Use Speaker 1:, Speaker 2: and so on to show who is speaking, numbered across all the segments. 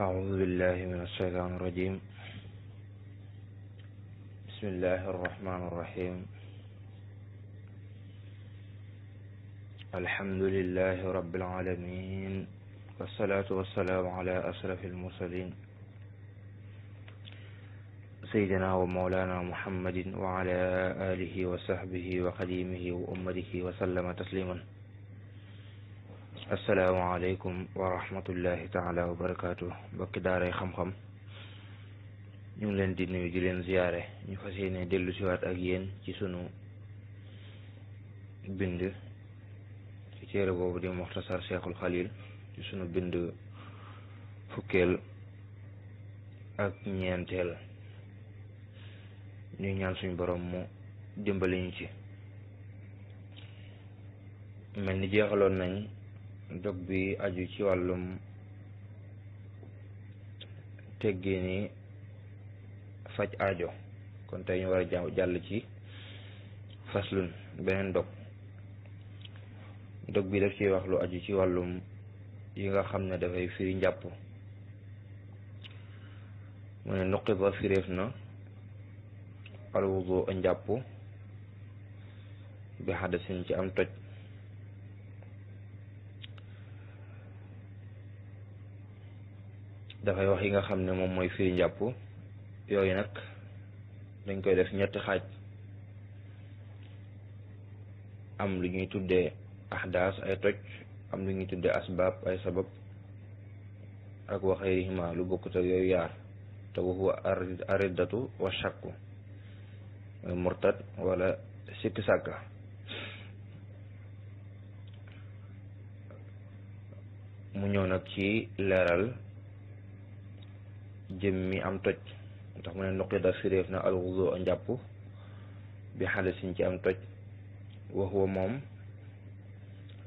Speaker 1: أعوذ بالله من الشيطان الرجيم بسم الله الرحمن الرحيم الحمد لله رب العالمين والصلاة والسلام على أشرف المرسلين سيدنا ومولانا محمد وعلى آله وصحبه وقديمه وأمته وسلم تسليما asalaamaaleykum wa rahmatullahi taala wa barakaatu mbokki daaray xam-xam ñu ngi leen di nuyu di leen ziyaare ñu fa yéene dellu siwaat ak yéen ci sunu bind ci téere boobu di muxtasar cheikhul xalil ci sunu bind fukkeel ak ñeenteel ñu ñaan suñ boroom mu dimbali ñu ci mel ni jeexaloon nañ dog bi aju ci wàllum teggini faj aajo kon tey ñu war a jàll ci faslun beneen dog dog bi daf ci wax lu aju ci wàllum yi nga xam ne dafay firi njàpp mu ne nuqi ba firéef na alwudu njàpp bi xadasin ci am toj dafay wax yi nga xam ne moom mooy firi njàpp yooyu nag dañ koy def ñetti xaaj am lu ñuy tuddee ahdaas ay toj am lu ñuy tudde asbaab ay sabab ak wa xayrihima lu bokkut ak yooyu yaar te wa murtad wala sikki sàkka mu ñëw nag ci leeral jëm mi am toj ndax mu ne nuqi da siréef na alwudu njàpp bi xale siñ ci am toj wax moom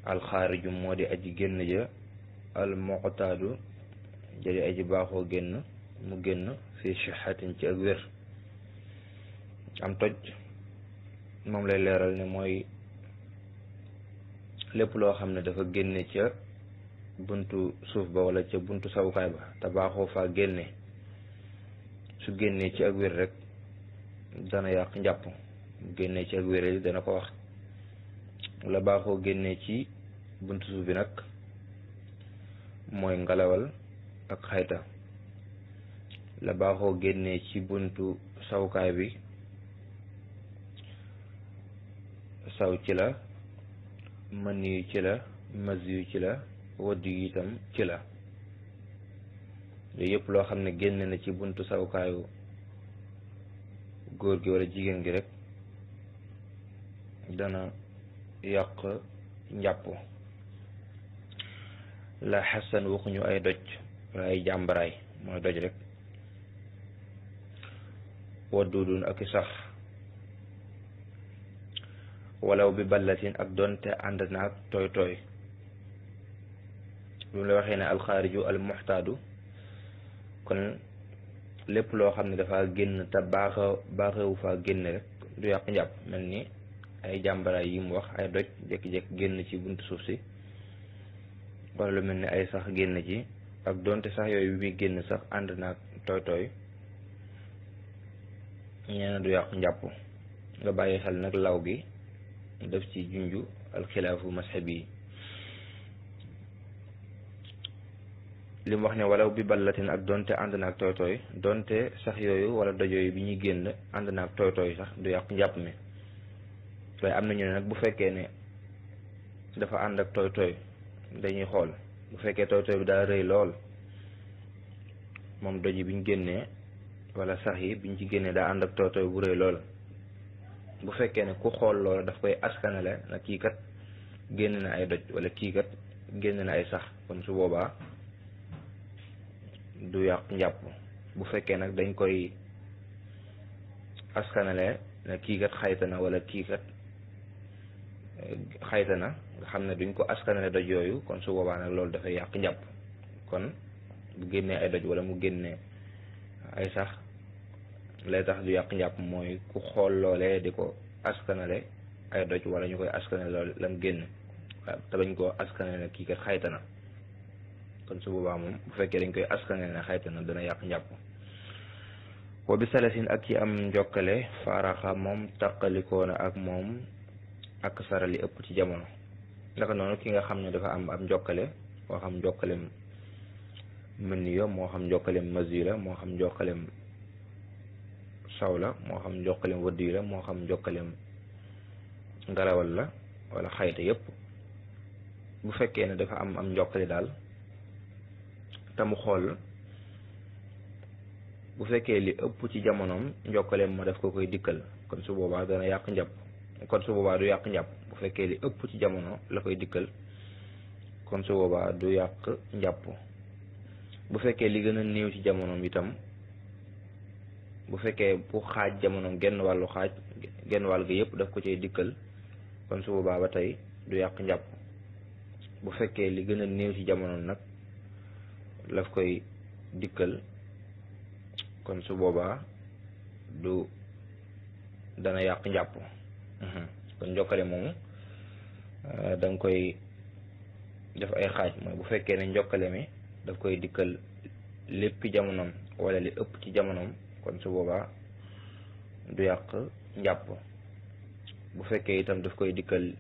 Speaker 1: alxaariju moo di aji génn ja almoqtaadu jadi aji baaxoo génn mu génn fii wér am toj moom lay leeral ne mooy lépp loo xam ne dafa génne ca buntu suuf ba wala ca buntu sawukaay ba te baaxoo faa génne su génnee ci ak wér rek dana yàq njàpp génnee ci ak wér li dana ko wax la baaxoo génnee ci buntu suuf bi nag mooy ngelawal ak xayta la baaxoo génnee ci buntu sawkaay bi saw ci la mën yu ci la mas yu ci la wadd yu itam ci la yooyu yëpp loo xam ne génn na ci buntu sawukaayu góor gi walla jigéen gi rek dana yàq njàpp la xasan waxuñu ay doj walla ay jàmbaraay mooy doj rek waddudun ak i sax walaw bi ballatin ak donte ànd naag tooy tooy lu mu la waxee ne alxaariju almuxtaadu kon lépp loo xam ne dafa génn te baaxa baaxewu faa génn rek du yàq njàpp mel ni ay jàmbaraay yi mu wax ay doj jékki-jékki génn ci buntu suuf si wala mel ni ay sax génn ci ak donte sax yooyu bi muy génn sax ànd naag tooy tooy ñee du yàqu njàpp nga bàyyi xel nag law gi def ci junju alxilaafu masxab yi li wax ne walaw bi ballatin ak donte ànd ak tooy tooy donte sax yooyu wala doj yooyu bi ñuy génn ànd na ak tooy tooy sax du yàq njàpp mi waaye am na ñu ne nag bu fekkee ne dafa ànd ak tooy tooy dañuy xool bu fekkee tooy tooy rëy lool moom doj yi bi ñu génnee wala sax yi bi ñu ci génnee daa ànd ak tooy tooy bu rëy lool bu fekkee ne ku xool loolu daf koy askanale na kii kat génn na ay doj wala kii kat génn na ay sax kon su boobaa du yàq njàpp bu fekkee nag dañ koy askanale na kii kat xayta na wala kii kat xayta na nga xam ne duñ ko askanale doj yooyu kon su boobaa nag loolu dafay yàq njàpp kon bu génnee ay doj wala mu génnee ay sax lay tax du yàq njàpp mooy ku xool loolee di ko askanale ay doj wala ñu koy askanale loolu lam génn waaw te bañ koo askanale kii kat xayta na kon su boobaa moom bu fekkee dañ koy askane ne xayta na dana yàq njàpp wa bi ak ci am njokkale faaraxa moom taqalikoona ak moom ak sarali ëpp ci jamono naka noonu ki nga xam ne dafa am ab njokkale moo xam njokkalem mëniyo moo xam njokkalem masiyu la moo xam njokkalem saw moo xam njokkalem wëddu la moo xam njokkalem ngalawal la wala xayta yépp bu fekkee ne dafa am am njokkale daal te mu xool bu fekkee li ëpp ci jamonoom njokkaleem ma def ko koy dikkal kon su boobaa dana yàq njàpp kon su boobaa du yàq njàpp bu fekkee li ëpp ci jamono la koy dikkal kon su boobaa du yàq njàpp bu fekkee li gën a néew ci jamonoom itam bu fekkee bu xaaj jamonoom genn wàllu xaaj genn wàll gi yëpp daf ko cay dikkal kon su boobaa ba tey du yàq njàpp bu fekkee li gën a néew ci jamonoom nag laf koy dikkal kon su boobaa du dana yàq njàpp mhm. kon njokkale moom euh, da koy def ay xaaj mooy bu fekkee ne njokkale mi daf koy dikkal lépp jamonoom wala li ëpp ci jamonoom kon su boobaa du yàq njàpp bu fekkee itam daf koy dikkal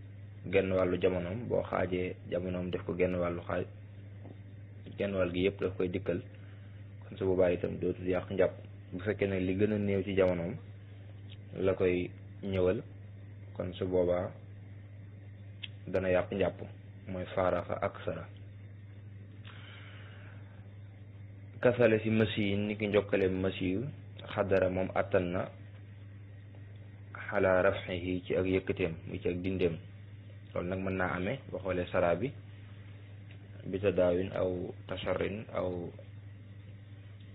Speaker 1: genn wàllu jamonoom boo xaajee jamonoom def ko genn wàllu xaaj genn wàll gi yëpp daf koy dikkal kon su boobaa itam dootul yàq njàpp bu fekkee nag li gën a néew ci jamonoom la koy ñëwal kon su boobaa dana yàq njàpp mooy faaraxa ak sara kasale si masi yi ni ki njokkale masi yu xadara moom àttan na xalaa rafxihi ci ak yëkkateem mu ci ak dindeem loolu nag mën naa ame ba xoolee sara bi bitadaawin aw tasharrin aw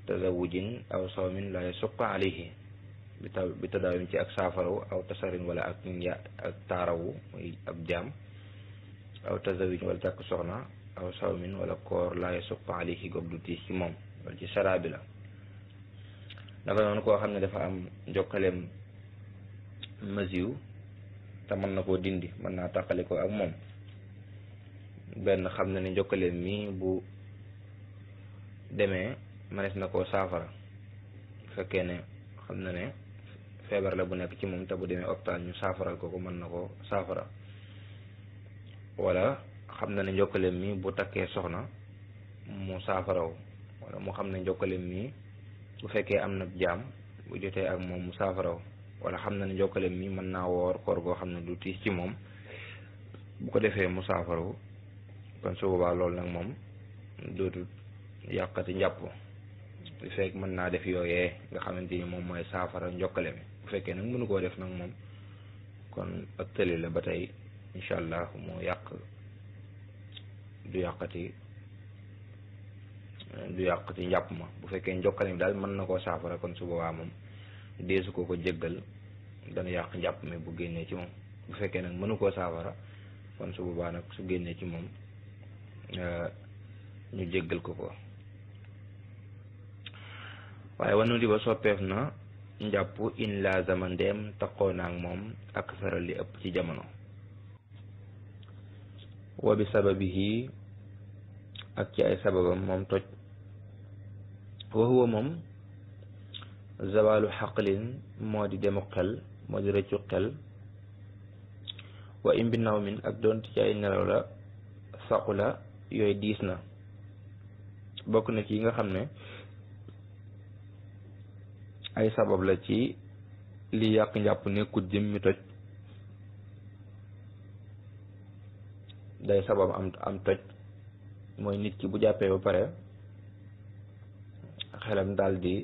Speaker 1: tazawujin aw sawmin la yasuq alayhi bitadaawin ci ak saafarawu aw tasharrin wala ak nja ak taarawu muy ab jaam aw tazawujin wala takk soxna aw sawmin wala koor la yasuq alayhi goog du ci moom wala ci saraabi la dafa noonu koo xam ne dafa am jokkaleem masiw te mën na koo dindi mën naa tàqale ko ak moom benn xam na ne jokkaleem mii bu demee mënees na ko saafara bu fekkee ne xam na ne feebar la bu nekk ci moom te bu demee hôpital ñu saafara ko ko mën na koo saafara wala xam na ne jokkaleem mi bu takkee soxna mu saafaraw wala mu xam ne jokkaleem mi bu fekkee am na jaam bu jotee ak moom mu saafaraw wala xam na ne jokkaleem mii mën naa woor koor goo xam ne du tiis ci moom bu ko defee mu saafara saafaraw kon su loolu nag moom dootul yàqati njàpp bu mm. fekk mën naa def yooyee nga xamante ni moom mooy saafara njokkale mi bu fekkee nag mënu koo def nag moom kon ak tëli la ba tey incha allah moo yàq du yàqati du yàqati njàpp ma bu fekkee njokkale mi daal mën na koo saafara kon su boobaa moom deesu ko ko jéggal dana yàq njàpp mi bu génnee ci moom bu fekkee nag mënu koo saafara kon su nag su génnee ci moom Euh, ñu jéggal ko ko waaye wanu di ba soppeef na njàpp in la zaman moom ak saral li ëpp ci jamono wa bi sababihi ak ci ay sababam moom toj wa huwa moom zawaalu xaqlin moo di demu xel moo di rëccu xel wa imbi naw min ak doon ci ay nelaw la saqu la yooyu diis na bokk na ci yi nga xam ne ay sabab la ci li yàq njàpp nekkut jëm mi toj day sabab am am toj mooy nit ki bu jàppee ba pare xelam daal di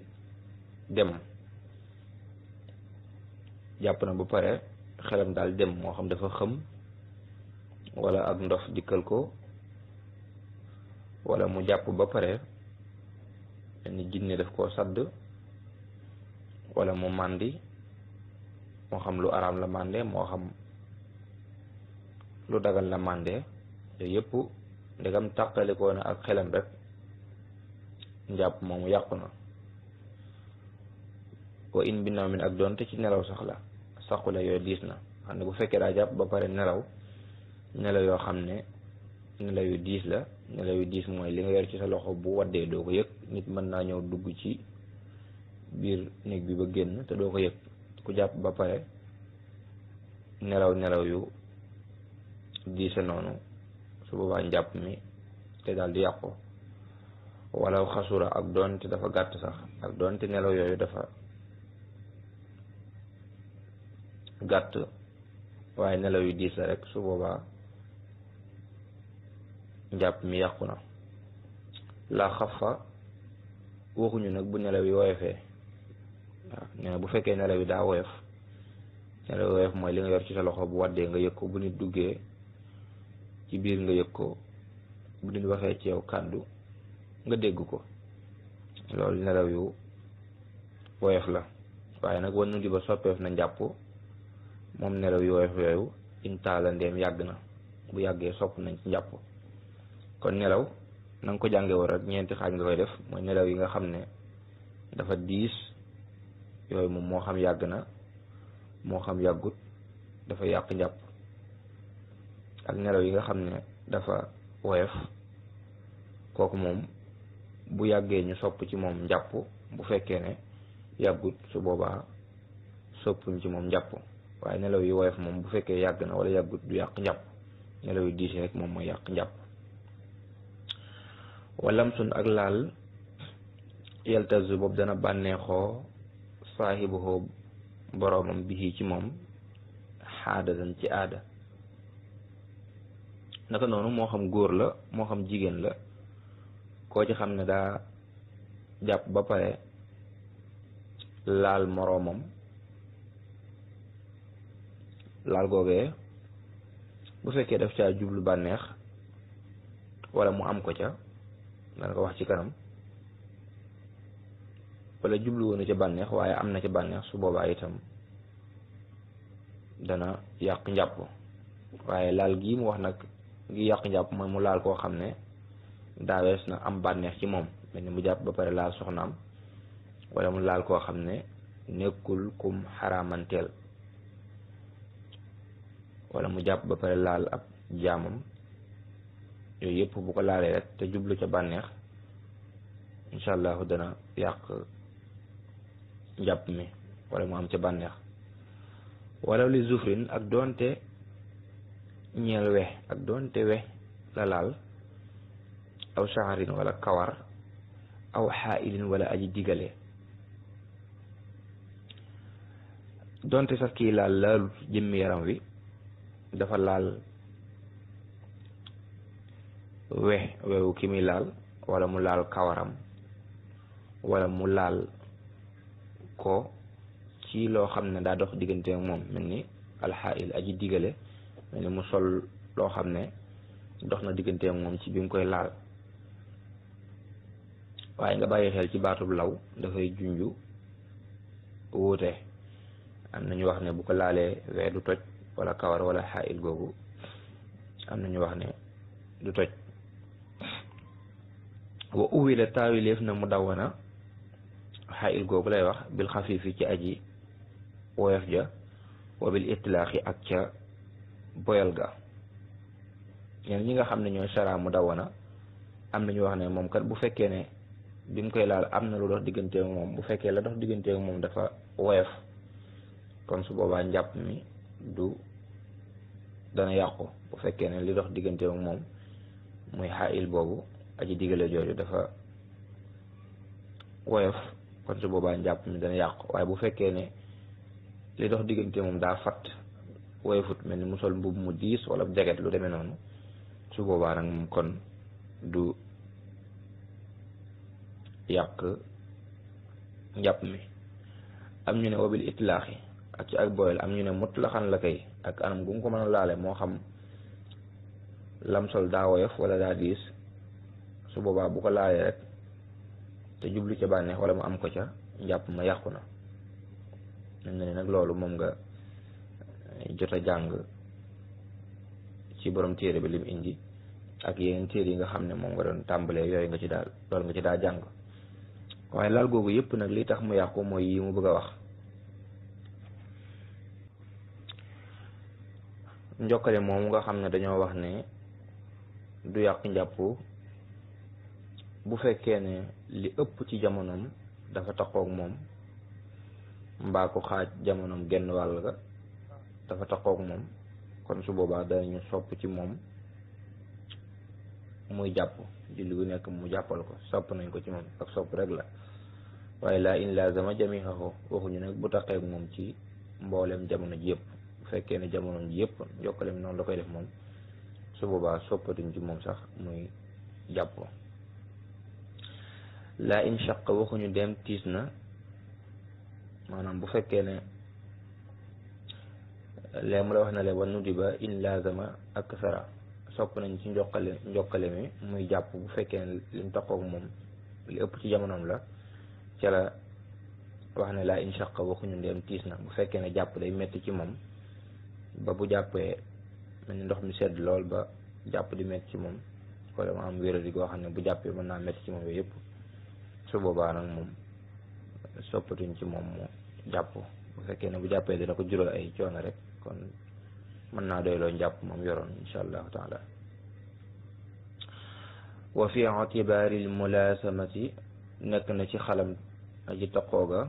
Speaker 1: dem jàpp na bu pare xelam daal dem moo xam dafa xëm wala ak ndof dikkal ko wala mu jàpp ba pare ni jinne def koo sadd wala mu màndi moo xam lu araam la mànde moo xam lu dagal la mànde yooyu yëpp ndegam tàqalikoo na ak xelam rek njàpp moomu yàqu na wa in bi naw min ak doonte ci nelaw sax la saqu la yooyu diis na xam ne bu fekkee daa jàpp ba pare nelaw nelaw yoo xam ne nelaw yu diis la nelaw yu diis mooy li nga yor ci sa loxo bu waddee doo ko yëg nit mën naa ñëw dugg ci biir néeg bi ba génn te doo ko yëg ku jàpp ba pare nelaw nelaw yu diise noonu su boobaa njàpp mi te daal di yàqu wala xasura ak doonte dafa gàtt sax ak doonte nelaw yooyu dafa gàtt waaye nelaw yu diis la rek su boobaa njàpp mi yàqu na la xafa waxuñu nag bu nelaw yi woyofee waaw nee na bu fekkee nelaw yi daa woyof nelaw woyof mooy li nga yor ci sa loxo bu waddee nga yëg ko bu nit duggee ci biir nga yëg ko bu nit waxee ci yow kàddu nga dégg ko loolu nelaw yu woyof la waaye nag wan nu ba soppeef na njàpp moom nelaw yu woyof yooyu intaala ndeem yàgg na bu yàggee sopp nañ ci njàpp kon nelaw na ko jànge rek ñeenti xaaj nga koy def mooy nelaw yi nga xam ne dafa diis yooyu moom moo xam yàgg na moo xam yàggut dafa yàq njàpp ak nelaw yi nga xam ne dafa woyof kooku moom bu yàggee ñu sopp ci moom njàpp bu fekkee ne yàggut su boobaa soppuñ ci moom njàpp waaye nelaw yi woyof moom bu fekkee yàgg na wala yàggut du yàq njàpp nelaw yi diis rek moom mooy yàq njàpp walamsun ak laal yaltazu boobu dana bànneexoo saahibuhu boroomam bihi ci moom xaada dan ci aada naka noonu moo xam góor la moo xam jigéen la koo ci xam ne daa jàpp ba pare laal moroomam laal googee bu fekkee def caa jublu bànneex wala mu am ko ca dana ko wax ci kanam wala jublu woonu ca bànneex waaye am na ca bànneex su boobaa itam dana yàq njàpp waaye laal gii mu wax nag gi yàq njàpp mooy mu laal koo xam ne daawees na am bànneex ci moom mel ni mu jàpp ba pare laal soxnaam wala mu laal koo xam ne nekkul kum xaraamanteel wala mu jàpp ba pare laal ab jaamam yooyu yëpp bu ko laalee rek te jublu ca bànneex incha allahu dana yàq njàpp mi wala mu am ca bànneex wala li zufrin ak doonte ñeel we ak doonte we la laal aw shaarin wala kawar aw xaailin wala aji digale doonte sax kii laal laalu jëmmi yaram wi dafa laal we wewu ki muy laal wala mu laal kawaram wala mu laal ko ci loo xam ne daa dox diggante moom mel ni alxaayil aji digale mel ni mu sol loo xam ne dox na diggante moom ci bi mu koy laal waaye nga bàyyi xel ci baatub law dafay junju wuute am na ñu wax ne bu ko laalee we du toj wala kawar wala xaayil googu am na ñu wax ne du toj wa uwila taawileef na mu dawana xayil googu lay wax bil xafiifi ci aji woyof ja wa bil itlaaxi ak ca boyal ga ñeen ñi nga xam ne ñooy sara mu dawana am nañu wax ne moom kat bu fekkee ne bi mu koy laal am na lu dox diggante moom bu fekkee la dox diggante moom dafa woyof kon su boobaa njàpp mi du dana yàqu bu fekkee ne li dox diggante moom muy xayil boobu aji digale jooju dafa woyof kon su boobaa njàpp mi dana yàqu waaye bu fekkee ne li dox diggante moom daa fatt woyofut mel ni mu sol mbubb mu diis wala jaget lu demee noonu su boobaa nag moom kon du yàq njàpp mi am ñu ne wabil itlaaxi ak ci ak boyal am ñu ne mutlaxan la kay ak anam gu mu ko mën a laale moo xam lam sol daa woyof wala daa diis su boobaa bu ko laayee rek te jublu ca bànneex wala mu am ko ca njàpp ma yàqu na mel na ne nag loolu moom nga eh, jot a jàng ci boroom téere bi lim indi ak yeneen téere yi nga xam ne moom nga doon tàmbalee yooyu nga ci daal loolu nga ci daal jàng waaye laal googu yëpp nag li tax mu yàqu mooy yi mu bëgg a wax njokkale moom nga xam ne dañoo wax ne du yàq njàpp bu fekkee ne li ëpp ci jamonoom dafa taxoog moom mbaa ko xaaj jamonoom genn wàll ga dafa taxoog moom kon su boobaa danañu sopp ci moom muy jàpp julli gu nekk mu jàppal ko sopp nañ ko ci moom ak sopp rek la waaye laa in lazama jamihahu waxuñu nag bu taxeeg moom ci mbooleem jamono ji yëpp bu fekkee ne jamono ji yëpp jokkalem noonu la koy def moom su boobaa soppatuñ ci moom sax muy jàpp laa inshaq waxuñu dem tiis na maanaam bu fekkee ne lee mu la wax na le wa nudiba in lazama ak sara sopp nañ ci njokkale njokkale mi muy jàpp bu fekkee ne lim taxoog moom li ëpp ci jamonoom la ca la wax ne laa inshaq waxuñu dem tiis na bu fekkee ne jàpp day metti ci moom ba bu jàppee mel ni ndox mi sedd lool ba jàpp di metti ci moom wala mu am wéra di xam ne bu jàppee mën naa metti ci moom yooyu yëpp su boobaa nag moom soppatuñ ci moom mu jàpp bu fekkee ne bu jàppee dina ko jural ay coono rek kon mën naa doy jàpp moom yoroon insha allahu taala wa fi itibaari mulaasamati nekk ci xalam aji taqooga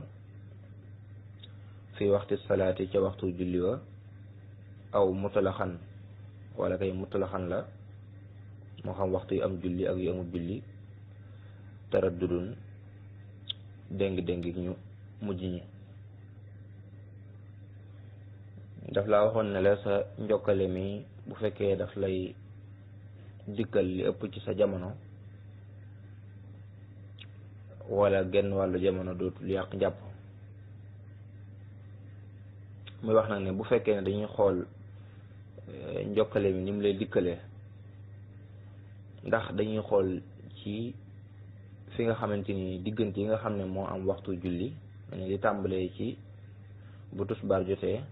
Speaker 1: fi waxti salaati ca waxtu julli wa aw mutalaxan wala kay mutalaxan la moo xam waxtu yu am julli ak yu amul julli taraddudun déng-déng ñu mujj ñi daf la waxoon ne la sa njokkale mi bu fekkee daf lay dikkal li ëpp ci sa jamono wala genn wàllu jamono dootul yàq njàpp muy wax nag ne bu fekkee ne dañuy xool eh, njokkale mi ni mu lay dikkalee ndax dañuy xool ci fi nga xamante ni diggante yi nga xam ne moo am waxtu julli ne li tàmbalee ci bu tusbaar jotee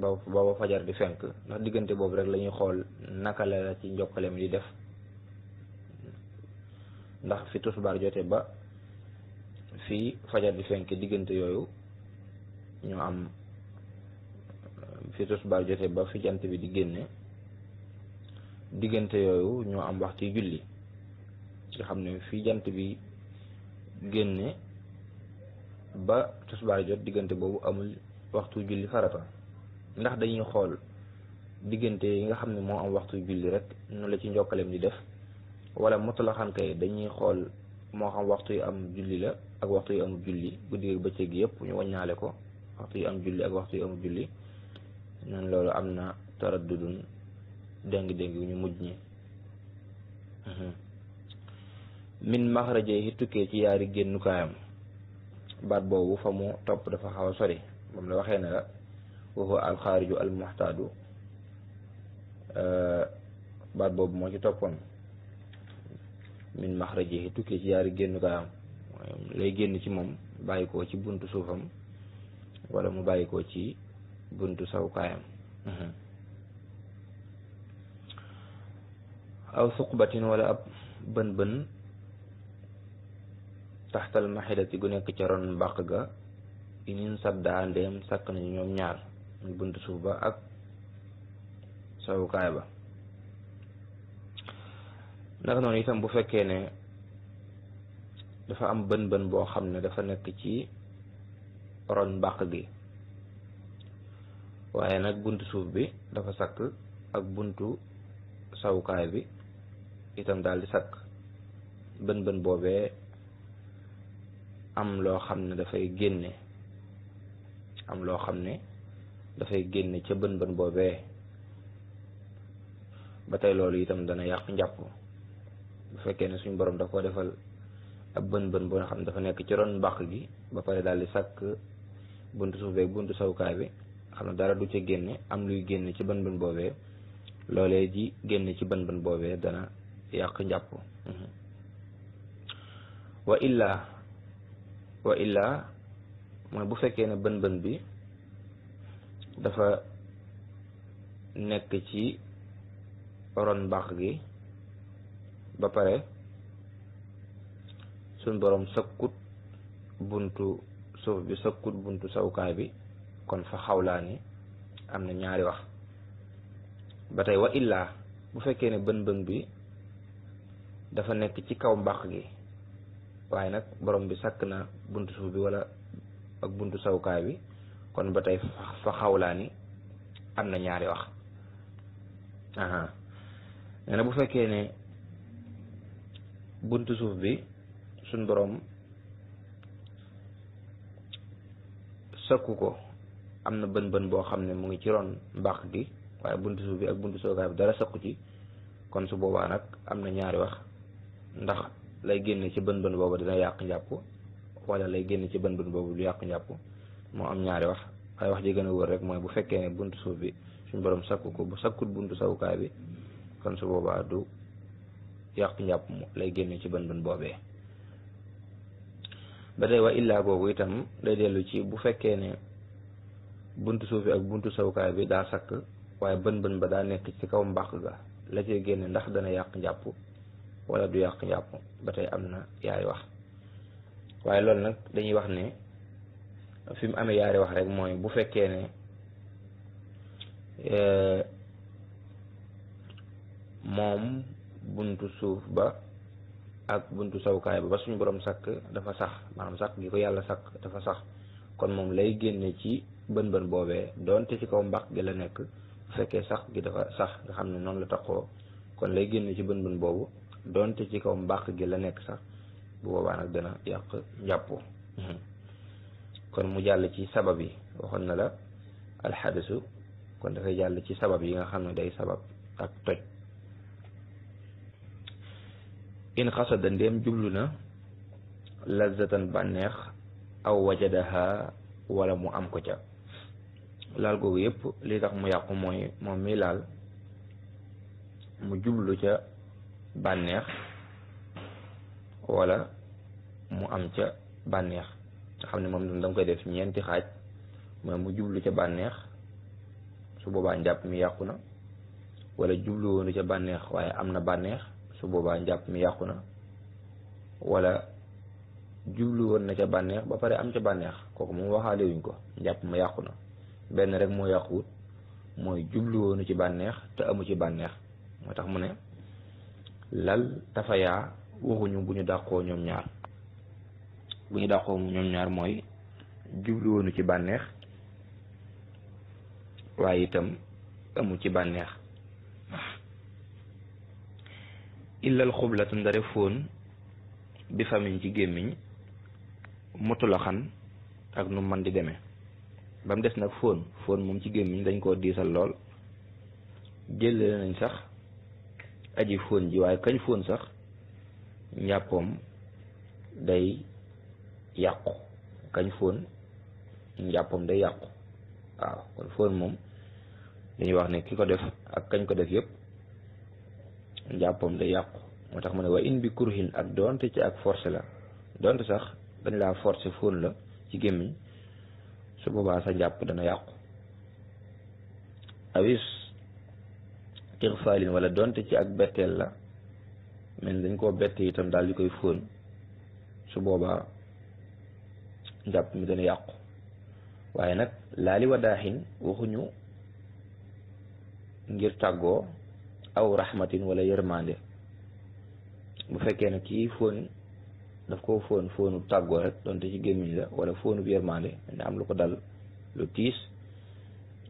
Speaker 1: ba ba fajar di fenk ndax diggante boobu rek la ñuy xool naka la ci njokkaleem di def ndax fi tusbaar jotee ba fi fajar di fenk diggante yooyu ñoo am fi tusbaar jotee ba fi jant bi di génne diggante yooyu ñoo am waxtu julli ci xam ne fi jant bi génne ba tisbaar jot diggante boobu amul waxtu julli farata ndax dañuy xool diggante yi nga xam ne moo am waxtu julli rek nu la ci njokkaleem di def wala mutlaxan kay dañuy xool moo xam waxtu yu am julli la ak waxtu yu amul julli guddi ak bëccëg yëpp ñu waññaale ko waxtu yu am julli ak waxtu yu amul julli nan loolu am na taraddudun déng-déng ñu mujj ñi min maxrajee tukkee ci yaari génnukaayam baat boobu fa mu topp dafa xaw a sori moom la waxee ne la waxu alxaariju almuxtaadu euh, baat boobu moo ci toppoon min maxrajee tukkee ci yaari génnukaayam lay génn ci moom bàyyi ko ci buntu suufam wala mu bàyyi ko ci buntu sawkaayam mhm. aw suqbatin wala ab bën bën taxtal maxidati gu nekk ca ron mbàq inin saddaa ndeem sak nañu ñoom ñaar muy bunt suuf ba ak sawukaay ba ndax noonu itam bu fekkee ne dafa am bën bën dafa nek ci ron mbàq gi waaye nag buntu suuf bi dafa sakk ak buntu sawukaay bi itam daal di sakk bën am loo xam ne dafay génne am loo xam ne dafay génne ca bën bën boobee ba tey loolu itam dana yàq njàpp bu fekkee ne suñ boroom da koo defal ab bën bën boo xam ne dafa nekk ci ron mbàq gi ba pare daal di sàkk buntu suuf beeg buntu sawkaay bi xam ne dara du ca génne am luy génne ci bën bën boobee loolee ji génne ci bën bën boobee dana yàq njàpp mhm. wa illa wa illaa mooy bu fekkee ne bën bën bi dafa nekk ci ron mbàq gi ba pare suñ borom sëkkut buntu suuf bi sëkkut buntu sawkaay bi kon fa xawlaani am na ñaari wax ba tey wa illaa bu fekkee ne bën bën bi dafa nekk ci kaw mbàq gi waaye nag borom bi sàkk na buntu suuf bi wala ak buntu sawkaay bi kon ba tey fa ni am na ñaari wax aha bu fekkee ne buntu suuf bi suñ borom sëkku ko am na bën bën boo xam ne mu ngi ci ron mbàq gi waaye buntu suuf bi ak buntu sookaay bi dara sëkku ci kon su boobaa nag am na ñaari wax ndax lay génne ci bën bën boobu dana yàq njàpp wala lay génn ci bën bën boobu du yàq njàpp moo am ñaari wax waaye wax ji gën a wóor rek mooy bu fekkee ne buntu suuf bi suñ borom sakku ko bu sakkut buntu sawukaay bi kon su boobaa yàq njàpp lay génn ci bën bën boobee ba tey itam day dellu ci bu fekkee ne buntu suuf bi ak buntu sawukaay bi daa sakk waaye bën bën ba daa nekk ci kaw mbàq ga la cay génn ndax dana yàq njàpp wala du yàq njàpp ba tey am na yaari wax waaye loolu nag dañuy wax ne fi mu amee yaari wax rek mooy bu fekkee ne e, moom buntu suuf ba ak buntu sawukaay ba ba suñu borom sakk dafa sax maanaam sakk gi ko yàlla sakk dafa sax kon moom lay génne ci bën bën boobee doonte ci kaw mbaq gi la nekk bu fekkee sax gi dafa sax nga xam ne noonu la taxoo kon lay génne ci bën bën boobu donte ci kaw mbàq gi la nekk sax bu boobaa nag dana yàq njàppoo kon mu jàll ci sabab yi waxoon na la alxadisu kon dafay jàll ci sabab yi nga xam ne day sabab ak toj in xasada ndéem jublu na lazatan bànneex aw wajadaha wala mu am ko ca laal googu yëpp li tax mu yàqu mooy moom mi laal mu jublu ca bànneex wala mu am ca bànneex nga xam ne moom dama koy def ñeenti xaaj mooy mu jublu ca bànneex su boobaa njàpp mi yàqu na wala jublu ca bànneex waaye am na bànneex su boobaa njàpp mi yàqu na wala jublu woon na ca bànneex ba pare am ca bànneex kooku moom waxaale wuñ ko njàpp ma yàqu na benn rek moo yàquwut mooy jublu woonu ci bànneex te amu ci bànneex moo tax mu ne lal tafaya waxuñu bu ñu dàqoo ñoom ñaar bu ñu dàqoo ñoom ñaar mooy jubluwoonu ci bànneex waaye itam amu ci bànneex illal xublatu ndare fóon bi famiñ ci gémmiñ mutulaxan ak nu man di deme ba mu des nag fóon fóon moom ci gémmiñ dañ ko diisal lool jëlle nañ sax aji fóon ji waaye kañ fóon sax njàppoom day yàqu kañ fóon njàppoom day yàqu waaw kon fóon moom dañuy wax ne ki ko def ak kañ ko def yëpp njàppoom day yàqu moo tax mu ne wa in bi kurhin ak doonte ci ak force la doonte sax dañ laa force fóon la ci gémmiñ su boobaa sa njàpp dana yàqu awis ixfaalin wala donte ci ak betteel la mel dañ koo bette itam daal di koy fóon su boobaa njàpp mi dana yàqu waaye nag laali wadaaxin waxuñu ngir tàggoo aw rahmatin wala yërmande bu fekkee ne kii fóon daf koo fóon fóonu tàggoo rek donte ci gémmiñ la wala fóonub yërmande ne am lu ko dal lu tiis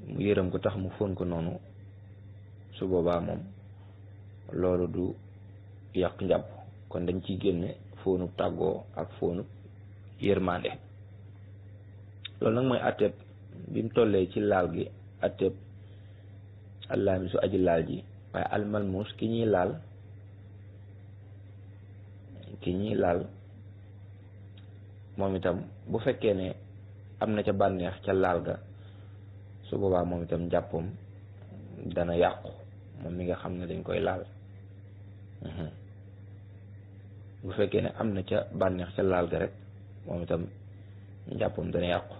Speaker 1: mu yërëm ko tax mu fóon ko noonu su boobaa moom loolu du yàq njàpp kon dañ ciy génne foonu tàggoo ak foonu yërmande loolu nag mooy atteeb bi tollee ci laal gi atteeb allaami su aji laal ji waaye almalmuus ki ñuy laal ki ñuy laal moom itam bu fekkee ne am na ca bànneex ca laal ga su boobaa moom itam njàppam dana yàqu moom mi nga xam ne dañ koy laal mhm. bu fekkee ne am na ca bànneex ca laal ga rek moom itam njàppam dana yàqu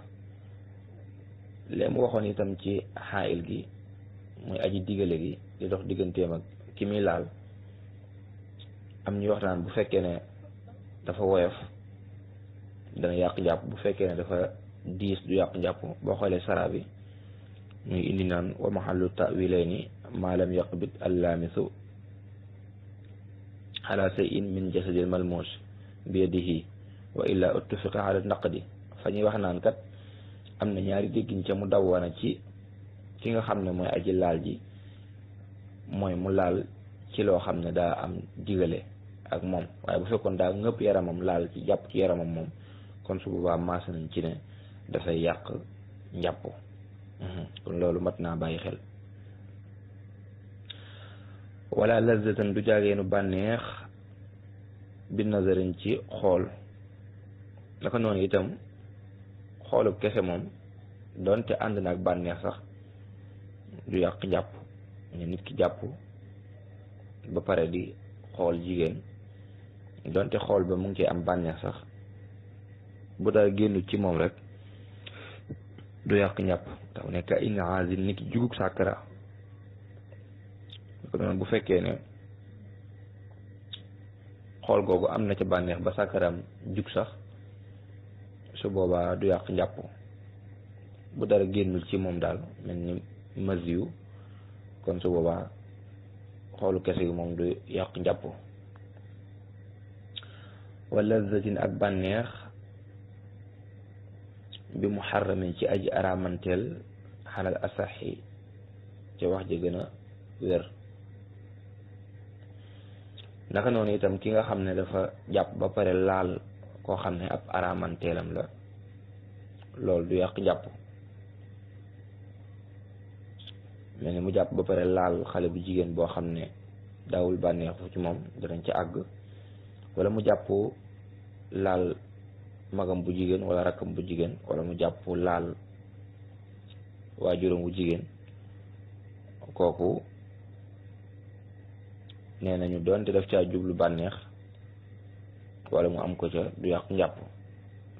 Speaker 1: lee waxoon itam ci xaayil gi muy aji digale gi di dox digganteem ak ki muy laal am ñuy wax naan bu fekkee ne dafa woyof dana yàq njàpp bu fekkee ne dafa diis du yàq njàpp boo xoolee sara bi muy indi naan wa mahallu tawilayni ma lam yaqbit allaamisu ala shay'in min jasadil malmuus bi yadihi wa illaa uttifiqa ala naqdi fa ñuy wax naan kat am na ñaari déggin ca mu dawwana ci ki nga xam ne mooy aji laal ji mooy mu laal ci loo xam ne daa am digale ak moom waaye bu fekkoon daa ngëpp yaramam laal ci jàpp ci yaramam moom kon su boobaa maas nañ ci ne dafay yàq njàpp mhm. kon loolu mat naa bàyyi xel wala lazatan du jaageenu bànneex bi nazarin ci xool naka noonu itam xoolu kese moom doonte ànd na ak bànneex sax du yàq jàpp ne nit ki jàpp ba pare di xool jigéen doonte xool ba mu ngi cee am bànneex sax bu daal génnu ci moom rek du yàq njàpp tax ne ka in aazin nit ki jugug sàkkara bu fekkee ne xool googu am na ca bànneex ba sàkkaram jug sax su boobaa du yàq njàpp bu dara génnul ci moom daal mel ni masiyu kon su boobaa xoolu kese yi moom du yàq njàpp wala zatin ak bànneex bi mu xarramin ci aji aramanteel xalal asaxi ca wax ji gën a wér naka noonu itam ki nga xam ne dafa jàpp ba pare laal koo xam ne ab araamanteelam la loolu du yàq jàpp mel ni mu jàpp ba pare laal xale bu jigéen boo xam ne daawul bànneexu ci moom danañ ci àgg wala mu jàpp laal magam bu jigéen wala rakkam bu jigéen walla mu jàpp laal waajuram bu jigéen kooku nee nañu doonte daf caa jublu bànneex wala mu am ko ca du yàqu njàpp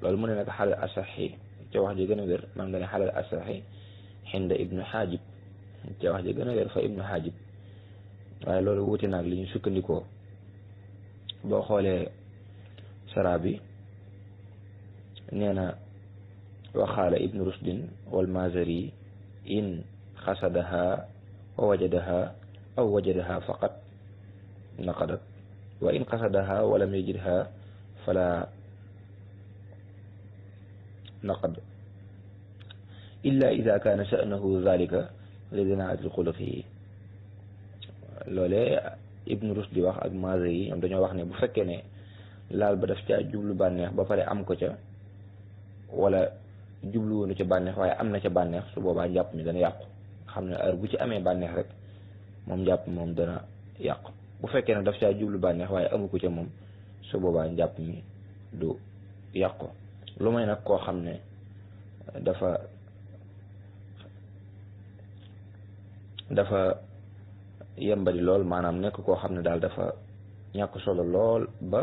Speaker 1: loolu mu ne nag xalal asaxi ca wax ji gën a wér maam nga ne xalal asaxi xinda ibnu xaajib wax ji gën a fa ibnu waaye loolu wuti naag li ñu sukkandikoo boo xoolee saraa bi nee na waxaala ibnu rusdin wal mazari in xasadaha wa wajadaha aw wajadaha faqat نقدت وإن قصدها ولم يجدها فلا نقد إلا إذا كان شأنه ذلك لذناعة القول فيه لولي ابن رشد واخ اك مازي ام دانيو واخ ني بو فكيني لال با داف تي جوبلو بانيه با ام كوتيا ولا جوبلو ونو تي بانيه واي امنا تي بانيه سو بوبا جاب مي دانا ياكو خامني ار امي بانيه رك موم جاب موم دانا ياكو bu fekkee ne daf caa jublu bànneex waaye amu ko ca moom su boobaa njàpp mi du yàqu lu may nag koo xam ne dafa dafa yembali lool maanaam nekk koo xam ne daal dafa ñàkk solo lool ba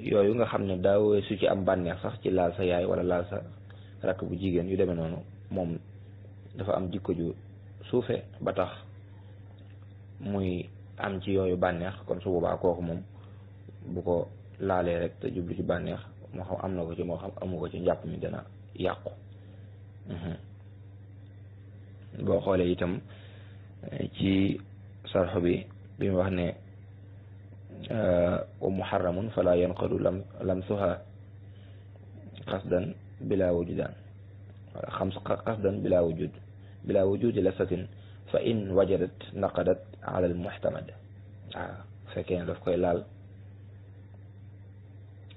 Speaker 1: yooyu nga xam ne daa daawee su ci am bànneex sax ci laal sa yaay wala laal sa rakk bu jigéen yu deme noonu moom dafa am jikko ju suufe ba tax muy am ci yooyu bànneex kon su boobaa kooku moom bu ko laalee rek te jublu ci bànneex moo xam am na ko ci moo xam amu ko ci njàpp mi dana yàqu mm-hmm. boo xoolee itam eh, ci sarxu bi bi mu wax ne wa eh, muharramun fala yanqadu lam lamsuha qasdan bila wujudan wala xam qasdan bila wujud bila wujudi lasatin fa in wajadat naqadat alal muhtamad waaw bu fekkee ne daf koy laal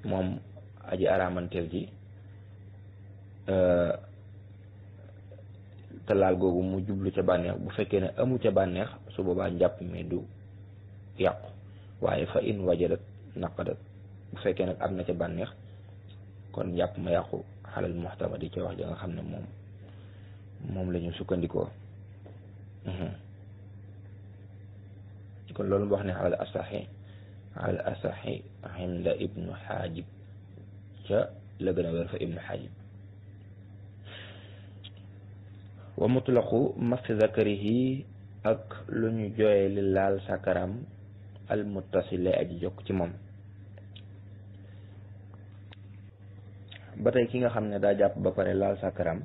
Speaker 1: moom aji araamanteel ji euh, te laal googu mu jublu ca bànneex bu fekkee ne amu ca bànneex su boobaa njàpp mi du yàqu waaye fa in wajadat naqadat bu fekkee nag am na ca bànneex kon njàpp ma yàqu xalal muhtamad yi ca wax ja nga xam ne moom moom lañu sukkandikoo kon loolu mu wax ne ala asaxi ala asaxi inda ibnu xaajib ca la gën a wér fa ak lu ñu jooye li laal sakaram al muttasil lay aji jokk ci moom ba tey ki nga xam ne daa jàpp ba pare laal sakaram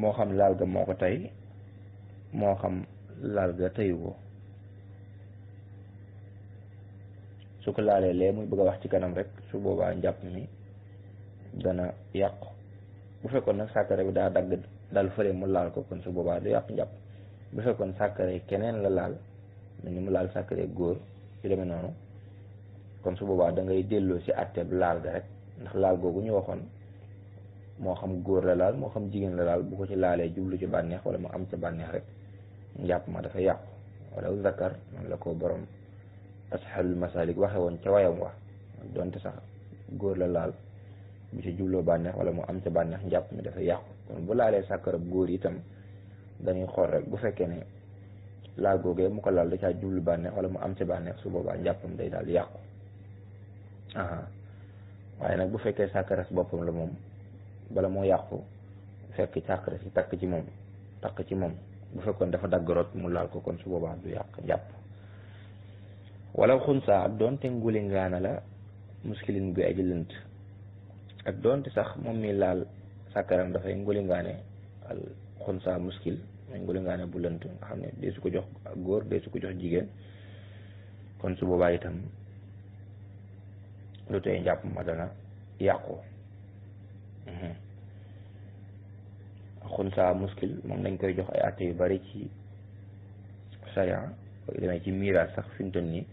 Speaker 1: moo xam laal ga moo ko tey moo xam laal ga teyu ko su ko laalee lee muy bëgg a wax ci kanam rek su boobaa njàpp mi dana yàqu bu fekkoon nag sàkkare bi daa dagg dal fële mu laal ko kon su boobaa du yàqu njàpp bu fekkoon sàkkare keneen la laal mu ni mu laal sàkkare góor yu demee noonu kon su boobaa da ngay delloo si àtteeb laal ga rek ndax laal googu ñu waxoon moo xam góor la laal moo xam jigéen la laal bu ko ci laalee jublu ci bànneex wala mu am ca bànneex rek njàpp ma dafa yàqu wala zakar moom la ko borom asxalul masalik waxe woon ca wayam wa donte sax góor la laal bu ci jubloo bànneex wala mu am ca bànneex njàpp mi dafa yàqu kon bu laalee sàkkarab góor itam dañuy xool bu fekkee ne laal googee mu ko laal da caa jublu bànneex wala mu am ca bànneex su boobaa njàppam day daal yàqu waaye nag bu fekkee sàkkaras boppam la moom bala moo yàqu fekk sàkkaras yi takk ci moom takk ci moom bu fekkoon dafa dagg rot mu laal ko kon su boobaa du yàq njàpp wala xunsa donte nguli ngaana la muskilin bi aji lënt ak donte sax moom mi laal sàkkaram dafay nguli ngaane al xunsa muskil mooy nguli ngaane bu lënt nga xam ne dee su ko jox góor dee su ko jox jigéen kon su boobaa itam lu tey njàpp ma dana yàqu mhm. saa muskil moom dañ koy jox ay atte yu bari ci sharia demee ci miraas sax fi nii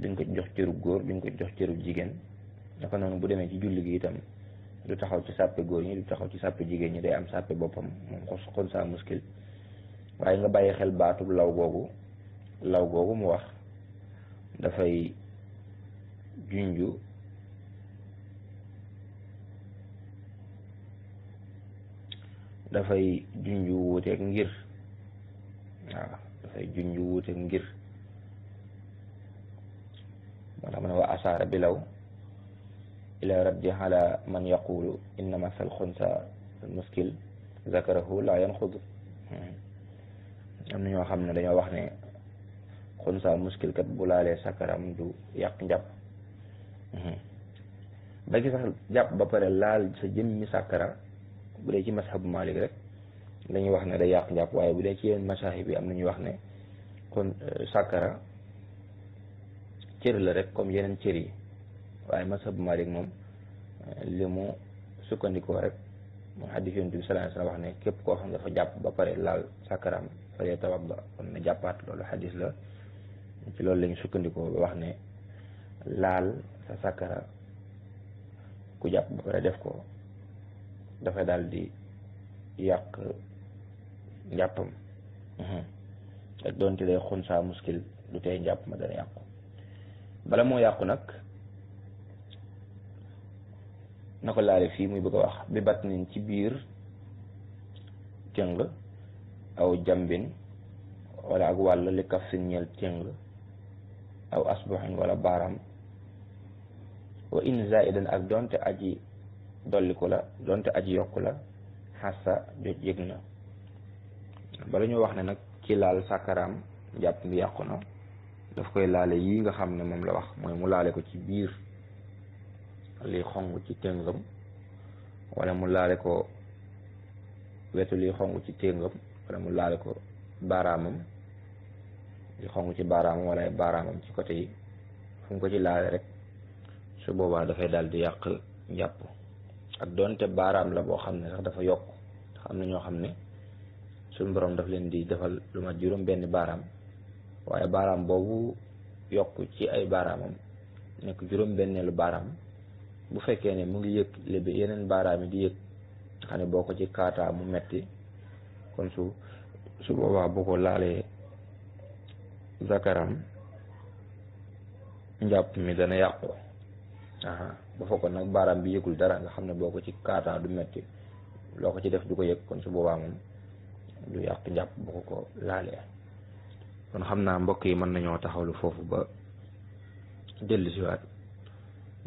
Speaker 1: duñ ko jox cërub góor duñ ko jox cërub jigéen naka noonu bu demee ci julli gi itam du taxaw ci sàppe góor ñi du taxaw ci sàppe jigéen ñi day am sàppe boppam moom xunsa muskil waaye nga bàyyi xel baatub law googu law googu mu wax dafay junju dafay junju wuuteeg ngir waaw dafay junju wuuteeg ngir moo tax mu wa asaara bilaw ila raddi ala man yaqulu inna masal xunsa muskil zakarahu la yanxud am na ñoo xam ne dañoo wax ne xunsa muskil kat bu laalee sakaram du yàq njàpp ba ki sax jàpp ba pare laal sa jëmmi sàkkara bu dee ci mashabu Malik rek dañuy wax ne day yàq njàpp waaye bu dee ci yeneen masahib yi am ñu wax ne kon euh, sàkkara cër la rek comme yeneen cër yi waaye bu Malik moom euh, li mu sukkandikoo rek mu xadis yonent bi sallallahu wax ne képp koo xam ne dafa jàpp ba pare laal sàkkaraam fale tawadda kon na jàppaat loolu xadis ci loolu la sukkandikoo ba wax ne laal sa sàkkara ku jàpp ba pare def ko dafay dal di yàq njàppam mhm. ak doonte day xun saa muskil du tey njàpp ma dana yàqu bala moo yàqu nag na ko laale fii muy bëgg a wax bi bat ci biir cëng aw jambin wala ak wàll li kaf ñeel cëng aw asboxin wala baaraam wa in zaidan ak doonte aji dolliku la donte aji yokku la xassa jot yëg na bala ñu wax ne nag ki laal sàkkaraam njàpp mi yàqu na daf koy laale yii nga xam ne moom la wax mooy mu laale ko ci biir li xong ci téngam wala mu laale ko wetu li xong ci téngam wala mu laale ko baaraamam li xong ci baaraamam wala ay baaraamam ci ko ci laale rek su boobaa dafay daal di yàq njàpp ak doonte baaraam la boo xam ne sax dafa yokk ndax am na ñoo xam ne suñu boroom daf leen di defal lu mat juróom benn baaraam waaye baaraam boobu yokk ci ay baaraamam nekk juróom benneelu baaraam bu fekkee ne mu ngi yëg lébi yeneen baaraam yi di yëg xam ne boo ko ci kaata mu metti kon su su boobaa bu ko laalee zakaram njàpp mi dana yàqu ba fa ko nag baaraam bi yëgul dara nga xam ne boo ko ci kaatan du metti loo ko ci def du ko yëg kon su boobaa moom du yàq njàpp boo ko laalee kon xam naa mbokk yi mën nañoo taxaw lu foofu ba dellu siwaat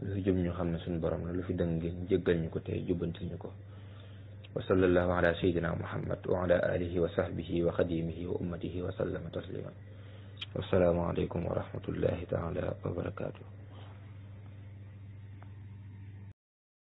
Speaker 1: lu fi jub ñu xam ne suñu borom la lu fi dëng ngeen jéggal ñu ko te jubbantil ñu ko wa sallallahu ala sayidina muhammad wa ala alihi wa sahbihi wa xadimihi wa ummatihi wa sallama tasliman wassalaamu aleykum wa rahmatullahi taala wa barakatuh